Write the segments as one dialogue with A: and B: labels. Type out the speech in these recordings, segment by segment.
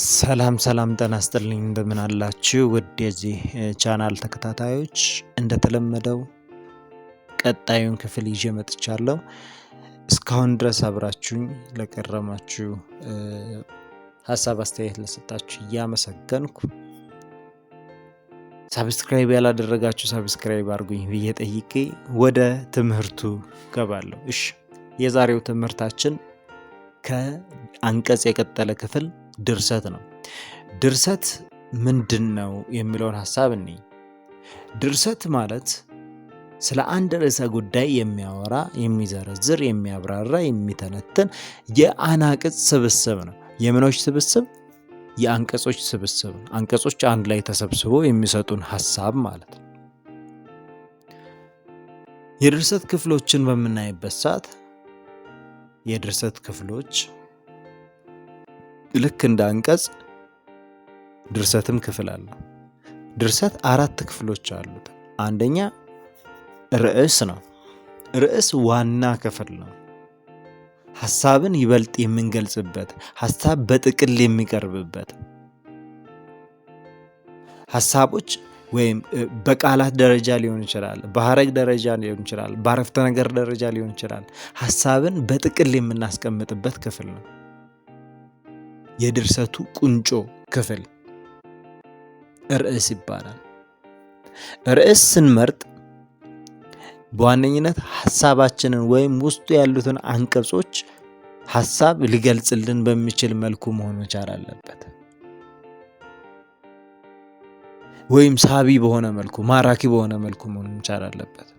A: ሰላም ሰላም ጤና ይስጥልኝ እንደምን አላችሁ ውድ የዚህ ቻናል ተከታታዮች፣ እንደተለመደው ቀጣዩን ክፍል ይዤ መጥቻለሁ። እስካሁን ድረስ አብራችሁኝ ለቀረማችሁ ሀሳብ አስተያየት ለሰጣችሁ እያመሰገንኩ ሳብስክራይብ ያላደረጋችሁ ሳብስክራይብ አድርጉኝ ብዬ ጠይቄ ወደ ትምህርቱ ገባለሁ። እሺ የዛሬው ትምህርታችን ከአንቀጽ የቀጠለ ክፍል ድርሰት ነው። ድርሰት ምንድን ነው የሚለውን ሀሳብ እኒ ድርሰት ማለት ስለ አንድ ርዕሰ ጉዳይ የሚያወራ የሚዘረዝር፣ የሚያብራራ፣ የሚተነትን የአናቅጽ ስብስብ ነው። የምኖች ስብስብ የአንቀጾች ስብስብ ነው። አንቀጾች አንድ ላይ ተሰብስበው የሚሰጡን ሀሳብ ማለት ነው። የድርሰት ክፍሎችን በምናይበት ሰዓት የድርሰት ክፍሎች ልክ እንደ አንቀጽ ድርሰትም ክፍል አለው። ድርሰት አራት ክፍሎች አሉት። አንደኛ ርዕስ ነው። ርዕስ ዋና ክፍል ነው። ሀሳብን ይበልጥ የምንገልጽበት፣ ሀሳብ በጥቅል የሚቀርብበት፣ ሀሳቦች ወይም በቃላት ደረጃ ሊሆን ይችላል፣ በሀረግ ደረጃ ሊሆን ይችላል፣ በአረፍተ ነገር ደረጃ ሊሆን ይችላል። ሀሳብን በጥቅል የምናስቀምጥበት ክፍል ነው። የድርሰቱ ቁንጮ ክፍል ርዕስ ይባላል። ርዕስ ስንመርጥ በዋነኝነት ሀሳባችንን ወይም ውስጡ ያሉትን አንቀጾች ሀሳብ ሊገልጽልን በሚችል መልኩ መሆን መቻል አለበት። ወይም ሳቢ በሆነ መልኩ ማራኪ በሆነ መልኩ መሆን መቻል አለበት።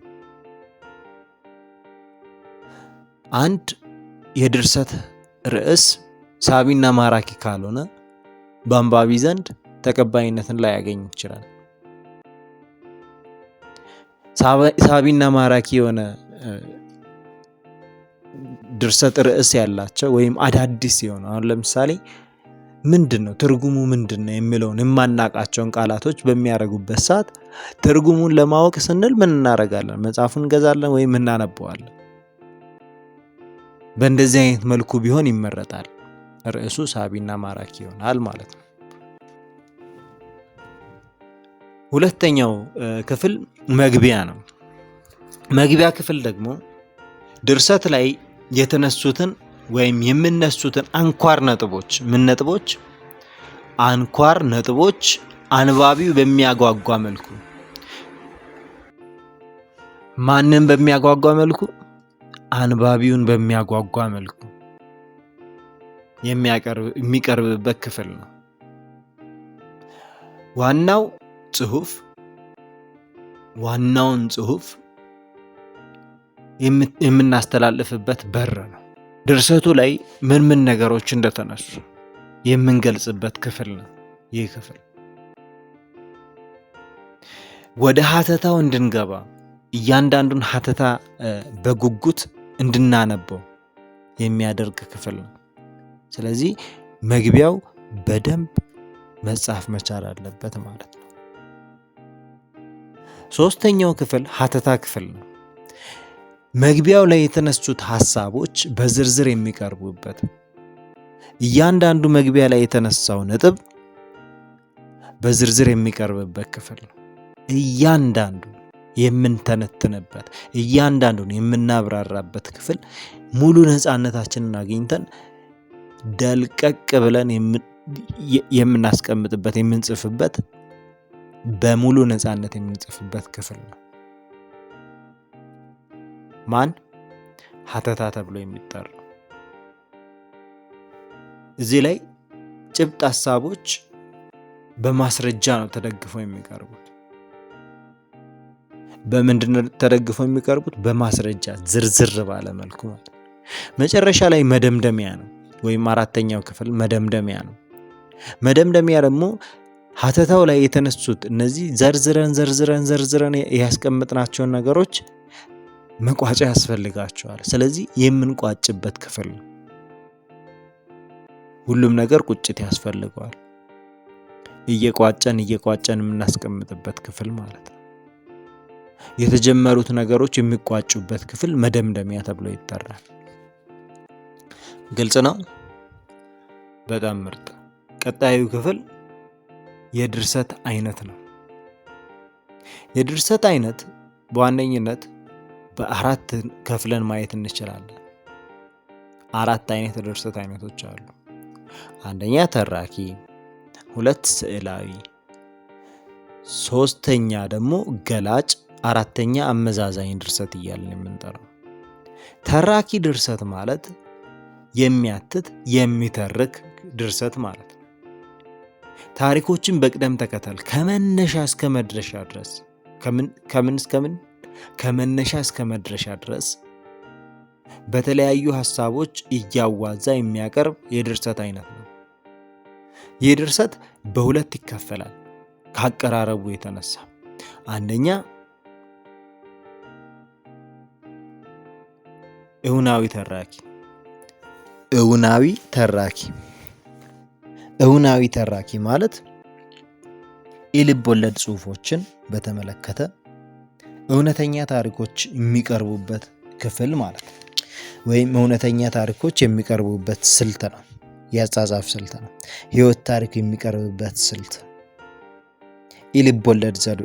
A: አንድ የድርሰት ርዕስ ሳቢና ማራኪ ካልሆነ በአንባቢ ዘንድ ተቀባይነትን ላያገኝ ይችላል። ሳቢና ማራኪ የሆነ ድርሰት ርዕስ ያላቸው ወይም አዳዲስ የሆነ አሁን ለምሳሌ ምንድን ነው ትርጉሙ ምንድን ነው የሚለውን የማናቃቸውን ቃላቶች በሚያደርጉበት ሰዓት ትርጉሙን ለማወቅ ስንል ምን እናደርጋለን? መጽሐፉን እንገዛለን ወይም እናነበዋለን። በእንደዚህ አይነት መልኩ ቢሆን ይመረጣል። ርዕሱ ሳቢና ማራኪ ይሆናል ማለት ነው። ሁለተኛው ክፍል መግቢያ ነው። መግቢያ ክፍል ደግሞ ድርሰት ላይ የተነሱትን ወይም የምነሱትን አንኳር ነጥቦች ምን ነጥቦች አንኳር ነጥቦች አንባቢው በሚያጓጓ መልኩ ማንን በሚያጓጓ መልኩ አንባቢውን በሚያጓጓ መልኩ የሚቀርብበት ክፍል ነው። ዋናው ጽሁፍ ዋናውን ጽሁፍ የምናስተላልፍበት በር ነው። ድርሰቱ ላይ ምን ምን ነገሮች እንደተነሱ የምንገልጽበት ክፍል ነው። ይህ ክፍል ወደ ሀተታው እንድንገባ እያንዳንዱን ሀተታ በጉጉት እንድናነበው የሚያደርግ ክፍል ነው። ስለዚህ መግቢያው በደንብ መጻፍ መቻል አለበት ማለት ነው። ሶስተኛው ክፍል ሀተታ ክፍል ነው። መግቢያው ላይ የተነሱት ሀሳቦች በዝርዝር የሚቀርቡበት እያንዳንዱ መግቢያ ላይ የተነሳው ነጥብ በዝርዝር የሚቀርብበት ክፍል ነው። እያንዳንዱ የምንተነትንበት እያንዳንዱን የምናብራራበት ክፍል ሙሉ ነፃነታችንን አግኝተን ደልቀቅ ብለን የምናስቀምጥበት የምንጽፍበት በሙሉ ነፃነት የምንጽፍበት ክፍል ነው። ማን ሀተታ ተብሎ የሚጠራው እዚህ ላይ ጭብጥ ሀሳቦች በማስረጃ ነው ተደግፈው የሚቀርቡት። በምንድን ተደግፈው የሚቀርቡት? በማስረጃ ዝርዝር ባለ መልኩ ማለት መጨረሻ ላይ መደምደሚያ ነው። ወይም አራተኛው ክፍል መደምደሚያ ነው። መደምደሚያ ደግሞ ሀተታው ላይ የተነሱት እነዚህ ዘርዝረን ዘርዝረን ዘርዝረን ያስቀመጥናቸውን ነገሮች መቋጫ ያስፈልጋቸዋል። ስለዚህ የምንቋጭበት ክፍል ነው። ሁሉም ነገር ቁጭት ያስፈልገዋል። እየቋጨን እየቋጨን የምናስቀምጥበት ክፍል ማለት ነው። የተጀመሩት ነገሮች የሚቋጩበት ክፍል መደምደሚያ ተብሎ ይጠራል። ግልጽ ነው። በጣም ምርጥ። ቀጣዩ ክፍል የድርሰት አይነት ነው። የድርሰት አይነት በዋነኝነት በአራት ከፍለን ማየት እንችላለን። አራት አይነት የድርሰት አይነቶች አሉ። አንደኛ ተራኪ፣ ሁለት ስዕላዊ፣ ሶስተኛ ደግሞ ገላጭ፣ አራተኛ አመዛዛኝ ድርሰት እያልን የምንጠራው። ተራኪ ድርሰት ማለት የሚያትት የሚተርክ ድርሰት ማለት ነው። ታሪኮችን በቅደም ተከተል ከመነሻ እስከ መድረሻ ድረስ ከምን እስከ ምን ከመነሻ እስከ መድረሻ ድረስ በተለያዩ ሀሳቦች እያዋዛ የሚያቀርብ የድርሰት አይነት ነው። ይህ ድርሰት በሁለት ይከፈላል ከአቀራረቡ የተነሳ አንደኛ እውናዊ ተራኪ እውናዊ ተራኪ እውናዊ ተራኪ ማለት የልብ ወለድ ጽሁፎችን በተመለከተ እውነተኛ ታሪኮች የሚቀርቡበት ክፍል ማለት ነው። ወይም እውነተኛ ታሪኮች የሚቀርቡበት ስልት ነው። የአጻጻፍ ስልት ነው። ህይወት ታሪክ የሚቀርብበት ስልት የልብ ወለድ ዘዴ፣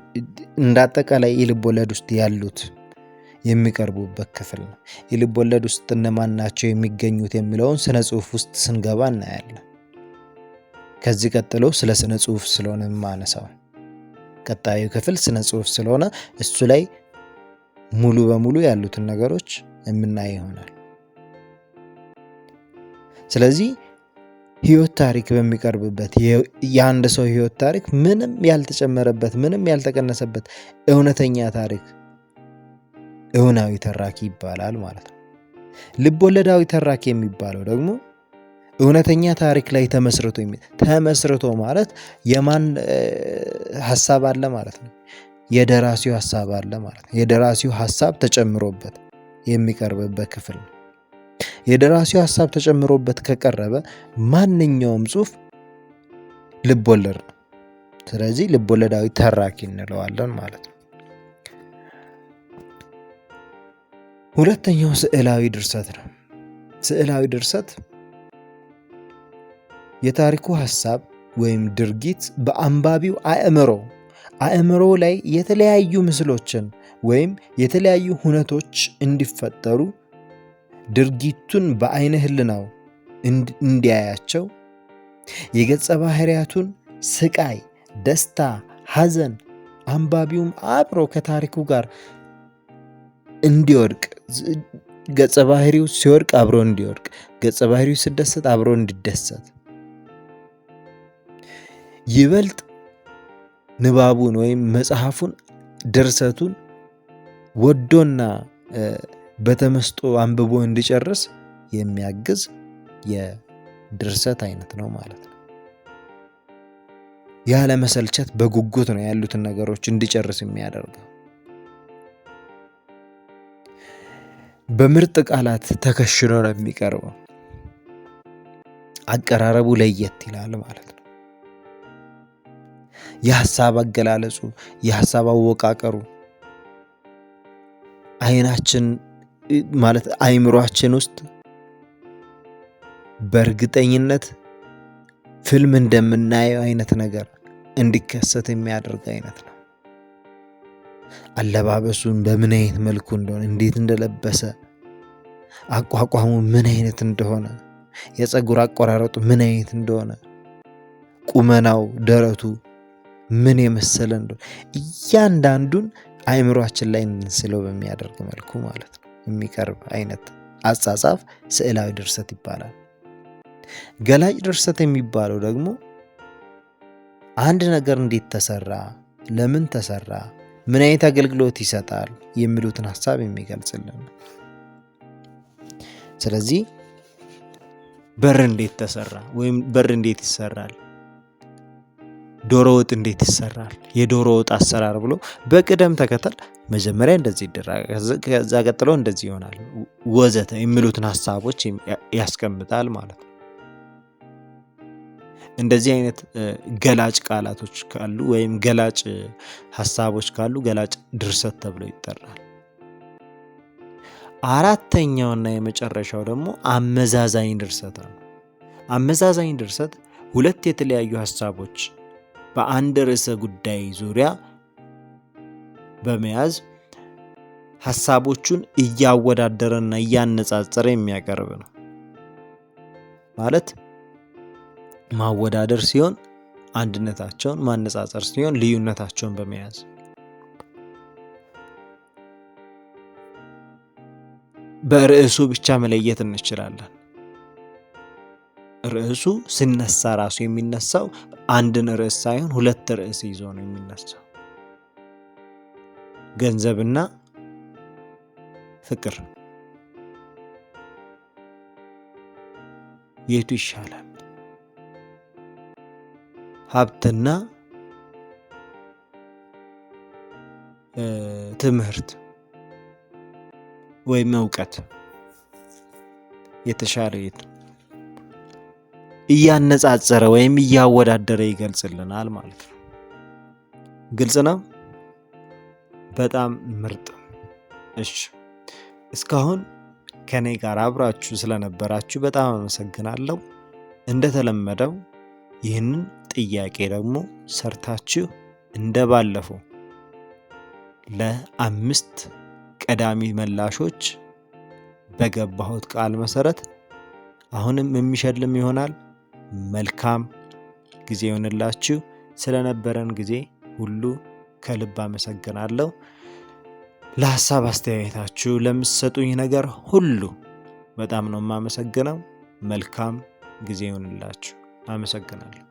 A: እንዳጠቃላይ የልብ ወለድ ውስጥ ያሉት የሚቀርቡበት ክፍል ነው። የልብ ወለድ ውስጥ እነማን ናቸው የሚገኙት የሚለውን ስነ ጽሁፍ ውስጥ ስንገባ እናያለን። ከዚህ ቀጥሎ ስለ ስነ ጽሁፍ ስለሆነ የማነሳው ቀጣዩ ክፍል ስነ ጽሁፍ ስለሆነ እሱ ላይ ሙሉ በሙሉ ያሉትን ነገሮች የምናይ ይሆናል። ስለዚህ ህይወት ታሪክ በሚቀርብበት የአንድ ሰው ህይወት ታሪክ ምንም ያልተጨመረበት ምንም ያልተቀነሰበት እውነተኛ ታሪክ እውናዊ ተራኪ ይባላል ማለት ነው። ልቦለዳዊ ተራኪ የሚባለው ደግሞ እውነተኛ ታሪክ ላይ ተመስርቶ ተመስርቶ ማለት የማን ሀሳብ አለ ማለት ነው? የደራሲው ሀሳብ አለ ማለት ነው። የደራሲው ሀሳብ ተጨምሮበት የሚቀርብበት ክፍል ነው። የደራሲው ሀሳብ ተጨምሮበት ከቀረበ ማንኛውም ጽሁፍ ልቦለድ ነው። ስለዚህ ልቦለዳዊ ተራኪ እንለዋለን ማለት ነው። ሁለተኛው ስዕላዊ ድርሰት ነው። ስዕላዊ ድርሰት የታሪኩ ሀሳብ ወይም ድርጊት በአንባቢው አእምሮ አእምሮ ላይ የተለያዩ ምስሎችን ወይም የተለያዩ ሁነቶች እንዲፈጠሩ ድርጊቱን በአይነ ህልናው እንዲያያቸው የገጸ ባህሪያቱን ስቃይ፣ ደስታ፣ ሐዘን አንባቢውም አብሮ ከታሪኩ ጋር እንዲወድቅ ገጸ ባህሪው ሲወድቅ አብሮ እንዲወድቅ፣ ገጸ ባህሪው ሲደሰት አብሮ እንዲደሰት ይበልጥ ንባቡን ወይም መጽሐፉን ድርሰቱን ወዶና በተመስጦ አንብቦ እንዲጨርስ የሚያግዝ የድርሰት አይነት ነው ማለት ነው። ያለመሰልቸት በጉጉት ነው ያሉትን ነገሮች እንዲጨርስ የሚያደርገው። በምርጥ ቃላት ተከሽኖ ነው የሚቀርበው። አቀራረቡ ለየት ይላል ማለት ነው። የሀሳብ አገላለጹ፣ የሀሳብ አወቃቀሩ አይናችን ማለት አይምሯችን ውስጥ በእርግጠኝነት ፊልም እንደምናየው አይነት ነገር እንዲከሰት የሚያደርግ አይነት ነው። አለባበሱን በምን አይነት መልኩ እንደሆነ፣ እንዴት እንደለበሰ፣ አቋቋሙ ምን አይነት እንደሆነ፣ የፀጉር አቆራረጡ ምን አይነት እንደሆነ፣ ቁመናው፣ ደረቱ ምን የመሰለ እንደሆነ እያንዳንዱን አእምሯችን ላይ እንስለው በሚያደርግ መልኩ ማለት ነው የሚቀርብ አይነት አጻጻፍ ስዕላዊ ድርሰት ይባላል። ገላጭ ድርሰት የሚባለው ደግሞ አንድ ነገር እንዴት ተሰራ፣ ለምን ተሰራ ምን አይነት አገልግሎት ይሰጣል የሚሉትን ሀሳብ የሚገልጽልን። ስለዚህ በር እንዴት ተሰራ ወይም በር እንዴት ይሰራል፣ ዶሮ ወጥ እንዴት ይሰራል፣ የዶሮ ወጥ አሰራር ብሎ በቅደም ተከተል መጀመሪያ እንደዚህ ይደረጋል፣ ከዛ ቀጥሎ እንደዚህ ይሆናል፣ ወዘተ የሚሉትን ሀሳቦች ያስቀምጣል ማለት ነው። እንደዚህ አይነት ገላጭ ቃላቶች ካሉ ወይም ገላጭ ሀሳቦች ካሉ ገላጭ ድርሰት ተብሎ ይጠራል። አራተኛውና የመጨረሻው ደግሞ አመዛዛኝ ድርሰት ነው። አመዛዛኝ ድርሰት ሁለት የተለያዩ ሀሳቦች በአንድ ርዕሰ ጉዳይ ዙሪያ በመያዝ ሀሳቦቹን እያወዳደረና እያነጻጸረ የሚያቀርብ ነው ማለት ማወዳደር ሲሆን አንድነታቸውን ማነጻጸር ሲሆን ልዩነታቸውን በመያዝ በርዕሱ ብቻ መለየት እንችላለን። ርዕሱ ሲነሳ ራሱ የሚነሳው አንድን ርዕስ ሳይሆን ሁለት ርዕስ ይዞ ነው የሚነሳው። ገንዘብና ፍቅር የቱ ይሻላል? ሀብትና ትምህርት ወይም እውቀት የተሻለ የት እያነጻጸረ ወይም እያወዳደረ ይገልጽልናል ማለት ነው። ግልጽ ነው። በጣም ምርጥ። እሺ እስካሁን ከኔ ጋር አብራችሁ ስለነበራችሁ በጣም አመሰግናለሁ። እንደተለመደው ይህንን ጥያቄ ደግሞ ሰርታችሁ እንደባለፉ ለአምስት ቀዳሚ መላሾች በገባሁት ቃል መሰረት አሁንም የሚሸልም ይሆናል። መልካም ጊዜ ይሆንላችሁ። ስለነበረን ጊዜ ሁሉ ከልብ አመሰግናለሁ። ለሀሳብ አስተያየታችሁ፣ ለምትሰጡኝ ነገር ሁሉ በጣም ነው የማመሰግነው። መልካም ጊዜ ይሆንላችሁ። አመሰግናለሁ።